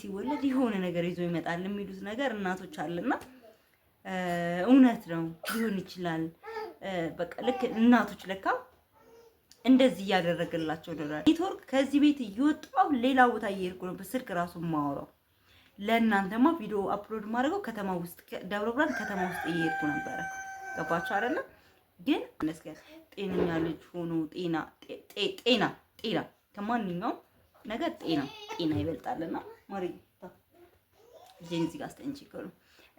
ሲወለድ የሆነ ነገር ይዞ ይመጣል የሚሉት ነገር እናቶች አለና እውነት ነው ሊሆን ይችላል። በቃ ልክ እናቶች ለካ እንደዚህ እያደረገላቸው ደራል። ኔትወርክ ከዚህ ቤት እየወጣው ሌላ ቦታ እየሄድኩ ነው በስልክ ራሱ ማውራው። ለእናንተማ ቪዲዮ አፕሎድ ማድረገው ከተማ ውስጥ ደብረ ብርሃን ከተማ ውስጥ እየሄድኩ ነበረ። ገባችሁ አይደለ? ግን መስገን ጤነኛ ልጅ ሆኖ ጤና ጤና ጤና ከማንኛውም ነገር ጤና ጤና ይበልጣልና ሞሪ ጄንዚ ጋር አስጠንጭ ይቀሩ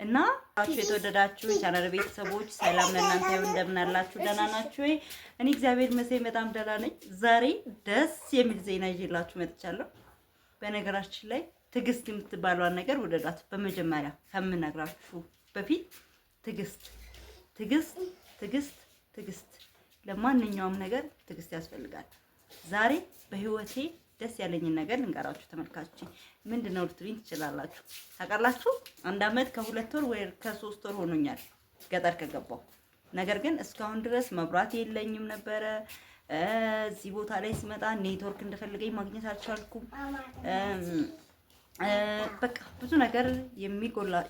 እና አችሁ የተወደዳችሁ የቻናል ቤተሰቦች ሰላም ለእናንተ ይሁን። እንደምን አላችሁ? ደህና ናችሁ ወይ? እኔ እግዚአብሔር ይመስገን በጣም ደህና ነኝ። ዛሬ ደስ የሚል ዜና ይዤላችሁ መጥቻለሁ። በነገራችን ላይ ትዕግስት የምትባለዋን ነገር ወደዷት። በመጀመሪያ ከምነግራችሁ በፊት ትዕግስት ትዕግስት ትዕግስት ትዕግስት፣ ለማንኛውም ነገር ትዕግስት ያስፈልጋል። ዛሬ በህይወቴ ደስ ያለኝን ነገር ልንገራችሁ ተመልካች ምንድን ነው ልትሉኝ ትችላላችሁ። ታውቃላችሁ አንድ አመት ከሁለት ወር ወይ ከሶስት ወር ሆኖኛል ገጠር ከገባው። ነገር ግን እስካሁን ድረስ መብራት የለኝም ነበረ። እዚህ ቦታ ላይ ስመጣ ኔትወርክ እንደፈልገኝ ማግኘት አልቻልኩም። በቃ ብዙ ነገር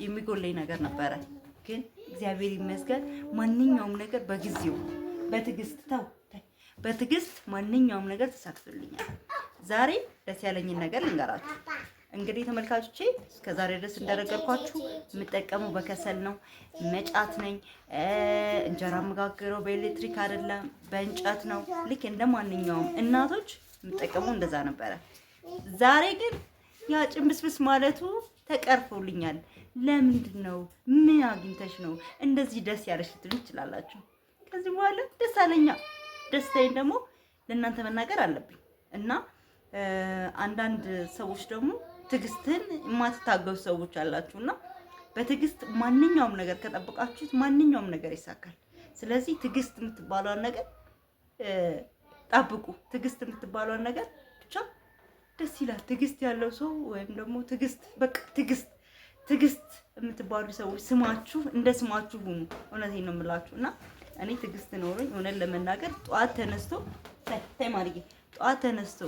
የሚጎለኝ ነገር ነበረ። ግን እግዚአብሔር ይመስገን ማንኛውም ነገር በጊዜው በትዕግስት ተው በትዕግስት ማንኛውም ነገር ተሳክቶልኛል። ዛሬ ደስ ያለኝን ነገር እንገራችሁ። እንግዲህ ተመልካቾቼ ከዛሬ ድረስ እንደነገርኳችሁ የምጠቀመው በከሰል ነው። መጫት ነኝ። እንጀራ መጋገረው በኤሌክትሪክ አይደለም፣ በእንጨት ነው። ልክ እንደ ማንኛውም እናቶች የምጠቀመው እንደዛ ነበረ። ዛሬ ግን ያ ጭንብስብስ ማለቱ ተቀርፎልኛል። ለምንድን ነው? ምን አግኝተሽ ነው እንደዚህ ደስ ያለሽ ልትሉ ትችላላችሁ። ከዚህ በኋላ ደስ አለኛ። ደስታዬን ደግሞ ለእናንተ መናገር አለብኝ እና አንዳንድ ሰዎች ደግሞ ትዕግስትን የማትታገሱ ሰዎች አላችሁ እና በትዕግስት ማንኛውም ነገር ከጠበቃችሁት ማንኛውም ነገር ይሳካል። ስለዚህ ትዕግስት የምትባለውን ነገር ጠብቁ። ትዕግስት የምትባለውን ነገር ብቻ ደስ ይላል። ትዕግስት ያለው ሰው ወይም ደግሞ ትዕግስት በቃ ትዕግስት ትዕግስት የምትባሉ ሰዎች ስማችሁ እንደ ስማችሁ ሁኑ። እውነቴን ነው የምላችሁ እና እኔ ትዕግስት ኖሮኝ እውነት ለመናገር ጠዋት ተነስቶ ተይ ማርዬ ጠዋት ተነስቶ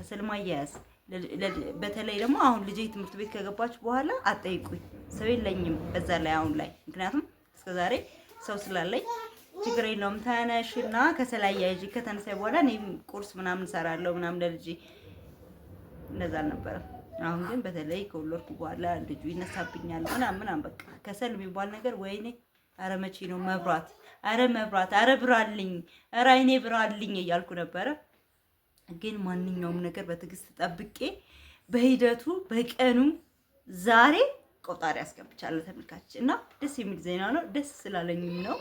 ከስልም አያያዝ በተለይ ደግሞ አሁን ልጄ ትምህርት ቤት ከገባች በኋላ አጠይቁኝ፣ ሰው የለኝም በዛ ላይ አሁን ላይ ምክንያቱም እስከዛሬ ሰው ስላለኝ ችግር የለውም ተነሽ እና ከሰል አያይዤ ከተነሳይ በኋላ እኔም ቁርስ ምናምን እሰራለሁ ምናምን ለልጅ እንደዛ አልነበረም። አሁን ግን በተለይ ከወለድኩ በኋላ ልጁ ይነሳብኛል ምናምን ምናምን በቃ ከሰል የሚባል ነገር ወይኔ አረ መቼ ነው መብራት፣ አረ መብራት፣ አረ ብራልኝ፣ አረ አይኔ ብራልኝ እያልኩ ነበረ። ግን ማንኛውም ነገር በትዕግስት ጠብቄ በሂደቱ በቀኑ ዛሬ ቆጣሪ አስገብቻለሁ ተመልካቾች፣ እና ደስ የሚል ዜና ነው። ደስ ስላለኝም ነው።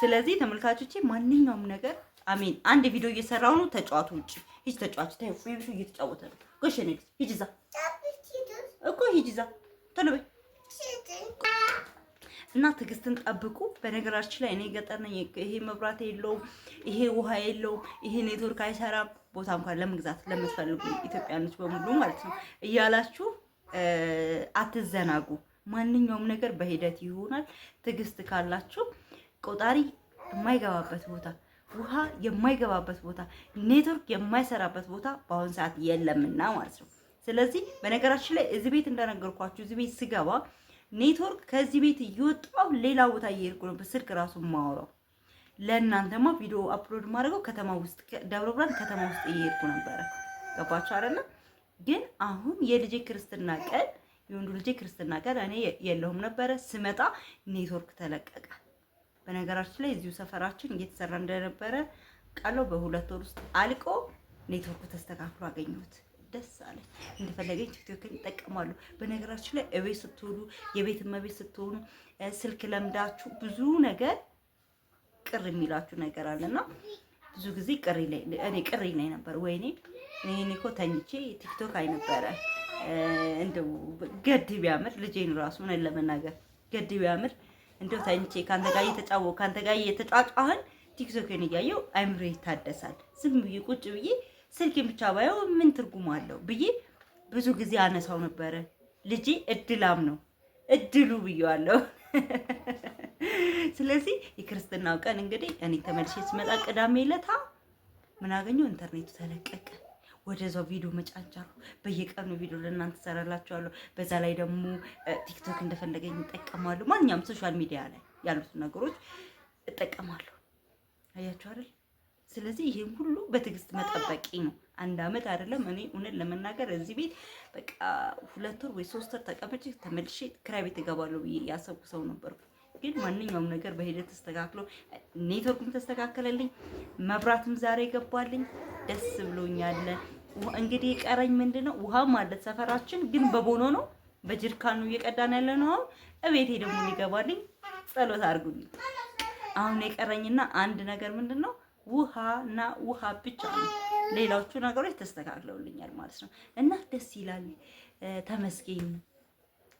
ስለዚህ ተመልካቾቼ ማንኛውም ነገር አሜን። አንድ ቪዲዮ እየሰራው ነው። ተጫዋቱ ውጭ ሂጅ፣ ተጫዋች ቤቱ እየተጫወተ ነው። ጎሸነ ሂጅ እኮ ሂጅ እዛ ቶሎ በይ እና ትዕግስትን ጠብቁ። በነገራችን ላይ እኔ ገጠር ነኝ። ይሄ መብራት የለውም፣ ይሄ ውሃ የለውም፣ ይሄ ኔትወርክ አይሰራም። ቦታ እንኳን ለመግዛት ለምትፈልጉ ኢትዮጵያኖች በሙሉ ማለት ነው እያላችሁ አትዘናጉ። ማንኛውም ነገር በሂደት ይሆናል። ትዕግስት ካላችሁ ቆጣሪ የማይገባበት ቦታ ውሃ የማይገባበት ቦታ ኔትወርክ የማይሰራበት ቦታ በአሁኑ ሰዓት የለምና ማለት ነው። ስለዚህ በነገራችን ላይ እዚህ ቤት እንደነገርኳችሁ እዚህ ቤት ስገባ ኔትወርክ ከዚህ ቤት እየወጣው ሌላ ቦታ እየሄድኩ ነው በስልክ ራሱ ማውራው ለእናንተማ ቪዲዮ አፕሎድ ማድረገው ከተማ ውስጥ ደብረ ብርሃን ከተማ ውስጥ እየሄድኩ ነበረ። ገባችሁ አይደለ? ግን አሁን የልጄ ክርስትና ቀን የወንዱ ልጄ ክርስትና ቀን እኔ የለሁም ነበረ። ስመጣ ኔትወርክ ተለቀቀ። በነገራችን ላይ እዚሁ ሰፈራችን እየተሰራ እንደነበረ ቃለው በሁለት ወር ውስጥ አልቆ ኔትወርኩ ተስተካክሎ አገኘሁት። ደስ አለ። እንደፈለገኝ ቲክቶክን ይጠቀማሉ። በነገራችን ላይ እቤት ስትሆኑ የቤት እመቤት ስትሆኑ ስልክ ለምዳችሁ ብዙ ነገር ቅር የሚላችሁ ነገር አለና ብዙ ጊዜ ቅር እኔ ቅሪ ይለኝ ነበር። ወይኔ እኔ እኮ ተኝቼ ቲክቶክ አይነበረ እንደው ገድ ቢያምር ልጄን ራሱ ምን ለመናገር ገድ ቢያምር እንደው ተኝቼ ከአንተ ጋር እየተጫወኩ ከአንተ ጋር እየተጫጫህን ቲክቶክን እያየው አይምሮ ይታደሳል። ዝም ብዬ ቁጭ ብዬ ስልኬን ብቻ ባየው ምን ትርጉም አለው ብዬ ብዙ ጊዜ አነሳው ነበረ። ልጄ እድላም ነው እድሉ ብዬዋለሁ። ስለዚህ የክርስትናው ቀን እንግዲህ እኔ ተመልሼ ስመጣ ቅዳሜ ዕለት ምን አገኘው ኢንተርኔቱ ተለቀቀ። ወደዛው ቪዲዮ መጫጫሩ በየቀኑ ቪዲዮ ለእናንተ ሰራላችኋለሁ። በዛ ላይ ደግሞ ቲክቶክ እንደፈለገኝ እጠቀማለሁ። ማንኛውም ሶሻል ሚዲያ ላይ ያሉት ነገሮች እጠቀማለሁ። አያችሁ አይደል? ስለዚህ ይሄን ሁሉ በትዕግስት መጠበቂ ነው። አንድ አመት አይደለም። እኔ እውነት ለመናገር እዚህ ቤት በቃ ሁለት ወር ወይ ሶስት ወር ተቀምጬ ተመልሼ ክራይ ቤት እገባለሁ ብዬ ያሰብኩ ሰው ነበርኩ። ግን ማንኛውም ነገር በሂደት ተስተካክሎ ኔትወርኩም ተስተካከለልኝ፣ መብራትም ዛሬ ገባልኝ። ደስ ብሎኛል። እንግዲህ የቀረኝ ምንድን ነው? ውሃም አለ ሰፈራችን፣ ግን በቦኖ ነው በጅርካኑ እየቀዳን ያለ ነው። አሁን እቤቴ ደግሞ ሊገባልኝ ጸሎት አድርጉልኝ። አሁን የቀረኝና አንድ ነገር ምንድን ነው ውሃ እና ውሃ ብቻ ነው። ሌላዎቹ ነገሮች ተስተካክለውልኛል ማለት ነው እና ደስ ይላል። ተመስገን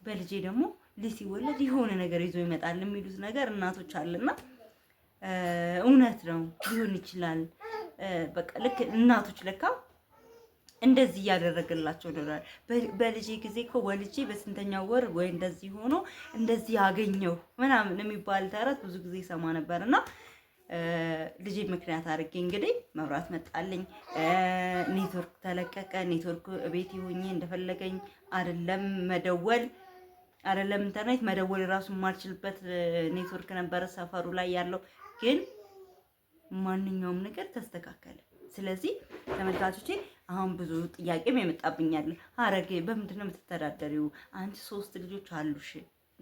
በልጄ ደግሞ ልጅ ሲወለድ የሆነ ነገር ይዞ ይመጣል የሚሉት ነገር እናቶች አለና እውነት ነው ሊሆን ይችላል። በቃ ልክ እናቶች ለካ እንደዚህ እያደረገላቸው ይኖራል። በልጄ ጊዜ እኮ ወልጄ በስንተኛው ወር ወይ እንደዚህ ሆኖ እንደዚህ ያገኘው ምናምን የሚባል ተረት ብዙ ጊዜ ይሰማ ነበር እና ልጅ ምክንያት አድርጌ እንግዲህ መብራት መጣልኝ፣ ኔትወርክ ተለቀቀ። ኔትወርክ ቤት ሆኜ እንደፈለገኝ አይደለም መደወል አይደለም ኢንተርኔት መደወል የራሱ የማልችልበት ኔትወርክ ነበረ ሰፈሩ ላይ ያለው። ግን ማንኛውም ነገር ተስተካከለ። ስለዚህ ተመልካቾቼ አሁን ብዙ ጥያቄም የመጣብኛል። አረጌ በምንድን ነው የምትተዳደሪው? አንቺ ሶስት ልጆች አሉሽ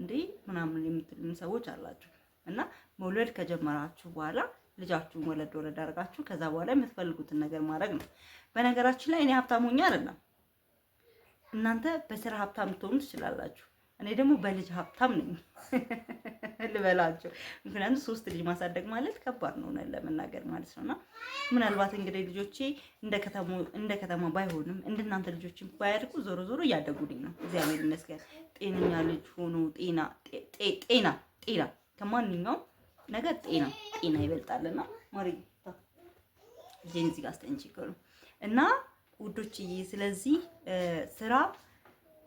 እንዴ ምናምን የምትሉኝ ሰዎች አላችሁ። እና መውለድ ከጀመራችሁ በኋላ ልጃችሁን ወለድ ወለድ አድርጋችሁ ከዛ በኋላ የምትፈልጉትን ነገር ማድረግ ነው። በነገራችን ላይ እኔ ሀብታም ሆኜ አይደለም። እናንተ በስራ ሀብታም ትሆኑ ትችላላችሁ። እኔ ደግሞ በልጅ ሀብታም ነኝ ልበላቸው ምክንያቱም ሶስት ልጅ ማሳደግ ማለት ከባድ ነው ለመናገር ማለት ነውና ምናልባት እንግዲህ ልጆቼ እንደ ከተማ ባይሆንም እንደናንተ ልጆችን ባያድጉ ዞሮ ዞሮ እያደጉልኝ ነው። እግዚአብሔር ይመስገን ጤነኛ ልጅ ሆኖ ጤና ጤና ጤና ከማንኛውም ነገር ጤና ጤና ይበልጣልና ማሪ ይሄን እዚህ ጋር አስተንጭቀሉ እና ውዶችዬ፣ ስለዚህ ስራ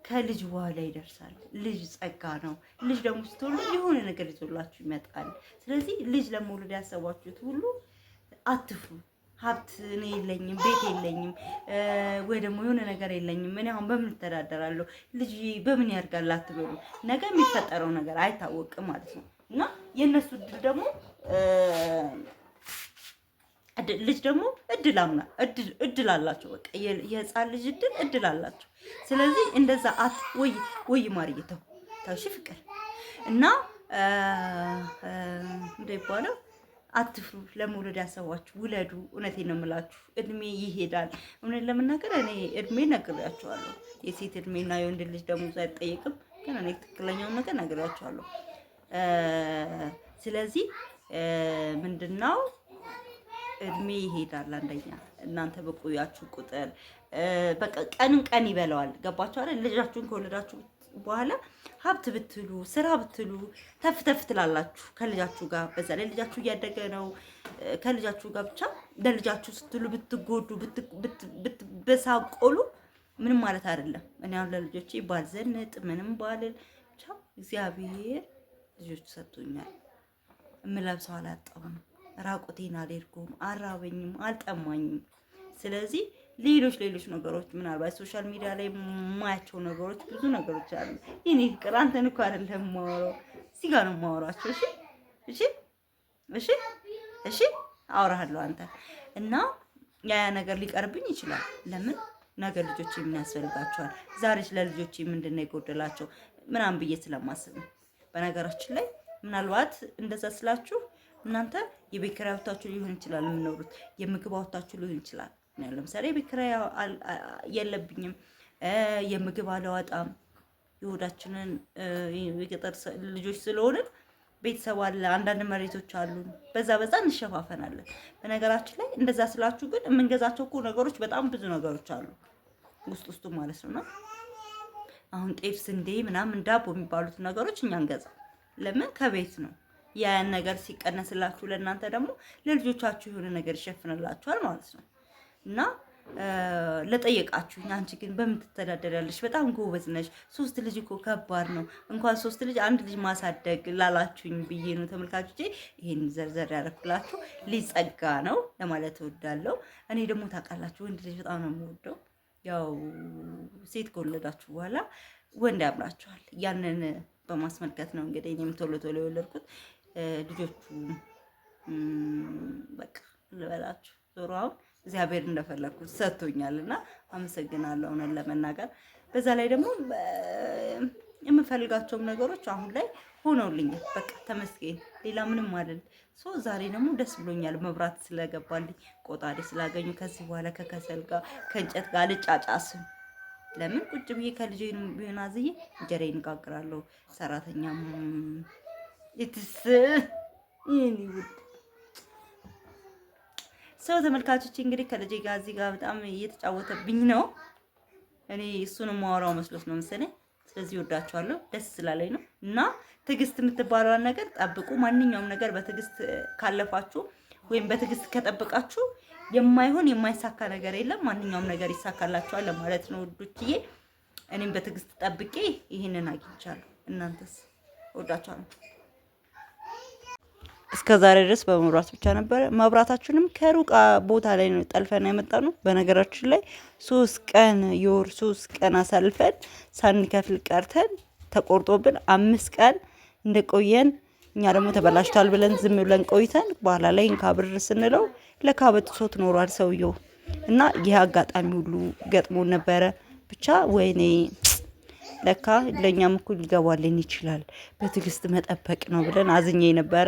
ከልጅ በኋላ ይደርሳል። ልጅ ጸጋ ነው። ልጅ ደግሞ ስትወልዱ የሆነ ነገር ይዞላችሁ ይመጣል። ስለዚህ ልጅ ለመውለድ ያሰባችሁት ሁሉ አትፍሩ። ሀብት እኔ የለኝም፣ ቤት የለኝም፣ ወይ ደግሞ የሆነ ነገር የለኝም፣ እኔ አሁን በምን እተዳደራለሁ፣ ልጅ በምን ያድርጋል አትበሉ። ነገ የሚፈጠረው ነገር አይታወቅም ማለት ነው። እና የእነሱ እድል ደግሞ ልጅ ደግሞ እድል አምና እድል አላቸው። በቃ የህፃን ልጅ እድል እድል አላቸው። ስለዚህ እንደዛ አት ወይ ወይ ማርዬ ተው ተው፣ ፍቅር እና እንደ እንደሚባለው አትፍሩ። ለመውለድ ያሰባችሁ ውለዱ። እውነቴን ነው የምላችሁ፣ እድሜ ይሄዳል። እውነት ለመናገር እኔ እድሜ ነግሬያቸዋለሁ። የሴት እድሜና የወንድ ልጅ ደግሞ አይጠየቅም። ግን እኔ ትክክለኛውን ነገር ነግሬያቸዋለሁ። ስለዚህ ምንድነው እድሜ ይሄዳል። አንደኛ እናንተ በቆያችሁ ቁጥር በቃ ቀንም ቀን ይበላዋል። ገባችሁ አይደል? ልጃችሁን ከወለዳችሁ በኋላ ሀብት ብትሉ ስራ ብትሉ ተፍ ተፍ ትላላችሁ ከልጃችሁ ጋር። በዛ ላይ ልጃችሁ እያደገ ነው። ከልጃችሁ ጋር ብቻ ለልጃችሁ ስትሉ ብትጎዱ ብትበሳቆሉ ምንም ማለት አይደለም። እኔ አሁን ለልጆቼ ባልዘንጥ ምንም ባልል ብቻ እግዚአብሔር ልጆች ሰጡኛል። የምለብሰው አላጣሁም፣ ራቁቴን አልሄድኩም፣ አራበኝም፣ አልጠማኝም። ስለዚህ ሌሎች ሌሎች ነገሮች ምናልባት ሶሻል ሚዲያ ላይ የማያቸው ነገሮች ብዙ ነገሮች አሉ። ይህኔ ፍቅር አንተን እኮ አይደለም የማወራው እዚህ ጋር ነው የማወራቸው። እሺ እሺ እሺ እሺ አወራሃለሁ አንተ እና ያ ነገር ሊቀርብኝ ይችላል። ለምን ነገር ልጆች የሚያስፈልጋቸዋል። ያስፈልጋቸዋል? ዛሬ ለልጆች ምንድን ነው የጎደላቸው ምናምን ብዬ ስለማስብ ነው። በነገራችን ላይ ምናልባት እንደዛ ስላችሁ እናንተ የቤት ኪራይ አውጥታችሁ ሊሆን ይችላል የምኖሩት፣ የምግብ አውጥታችሁ ሊሆን ይችላል። ለምሳሌ የቤት ኪራይ የለብኝም፣ የምግብ አለዋጣም። የሆዳችንን የገጠር ልጆች ስለሆንን ቤተሰብ አለ፣ አንዳንድ መሬቶች አሉን። በዛ በዛ እንሸፋፈናለን። በነገራችን ላይ እንደዛ ስላችሁ ግን የምንገዛቸው እኮ ነገሮች በጣም ብዙ ነገሮች አሉ ውስጥ ውስጡ ማለት ነው። አሁን ጤፍ፣ ስንዴ ምናምን ዳቦ የሚባሉት ነገሮች እኛ እንገዛ። ለምን ከቤት ነው ያን ነገር ሲቀነስላችሁ ለእናንተ ደግሞ ለልጆቻችሁ የሆነ ነገር ይሸፍንላችኋል ማለት ነው እና ለጠየቃችሁ አንቺ ግን በምን ትተዳደሪያለሽ? በጣም ጎበዝ ነሽ። ሶስት ልጅ እኮ ከባድ ነው። እንኳን ሶስት ልጅ አንድ ልጅ ማሳደግ ላላችሁኝ ብዬ ነው ተመልካቾቼ ይሄን ዘርዘር ያደረኩላችሁ። ሊጸጋ ነው ለማለት እወዳለሁ። እኔ ደግሞ ታውቃላችሁ፣ ወንድ ልጅ በጣም ነው የምወደው ያው ሴት ከወለዳችሁ በኋላ ወንድ ያምራችኋል። ያንን በማስመልከት ነው እንግዲህ እኔም ቶሎ ቶሎ የወለድኩት ልጆቹ በቃ ልበላችሁ ዞሮ አሁን እግዚአብሔር እንደፈለግኩት ሰጥቶኛል እና አመሰግናለሁ። እውነት ለመናገር በዛ ላይ ደግሞ የምፈልጋቸውም ነገሮች አሁን ላይ ሆነውልኛል። በቃ ተመስገን ሌላ ምንም አይደል። ሶ ዛሬ ደግሞ ደስ ብሎኛል፣ መብራት ስለገባልኝ ቆጣሪ ስላገኙ። ከዚህ በኋላ ከከሰል ጋር ከእንጨት ጋር ልጫጫስም። ለምን ቁጭ ብዬ ከልጄ ቢሆን አዝዬ እንጀራ ይንጋግራለሁ። ሰራተኛ ኢትስ ይህን ይውድ ሰው ተመልካቾች፣ እንግዲህ ከልጄ ጋር እዚህ ጋር በጣም እየተጫወተብኝ ነው። እኔ እሱን ማወራው መስሎት ነው መሰለኝ ስለዚህ ወዳችኋለሁ። ደስ ስላለኝ ነው እና ትዕግስት የምትባለዋን ነገር ጠብቁ። ማንኛውም ነገር በትዕግስት ካለፋችሁ ወይም በትዕግስት ከጠበቃችሁ የማይሆን የማይሳካ ነገር የለም። ማንኛውም ነገር ይሳካላችኋል ለማለት ነው ውዶችዬ። እኔም በትዕግስት ጠብቄ ይህንን አግኝቻለሁ። እናንተስ? ወዳችኋለሁ። እስከ ዛሬ ድረስ በመብራት ብቻ ነበረ። መብራታችንም ከሩቅ ቦታ ላይ ነው ጠልፈን የመጣ ነው። በነገራችን ላይ ሶስት ቀን የወር ሶስት ቀን አሳልፈን ሳንከፍል ቀርተን ተቆርጦብን አምስት ቀን እንደቆየን እኛ ደግሞ ተበላሽቷል ብለን ዝም ብለን ቆይተን በኋላ ላይ እንካብር ስንለው ለካ በጥሶት ኖሯል ሰውየው እና ይህ አጋጣሚ ሁሉ ገጥሞ ነበረ። ብቻ ወይኔ ለካ ለእኛም እኩል ሊገባልን ይችላል፣ በትዕግስት መጠበቅ ነው ብለን አዝኜ ነበረ።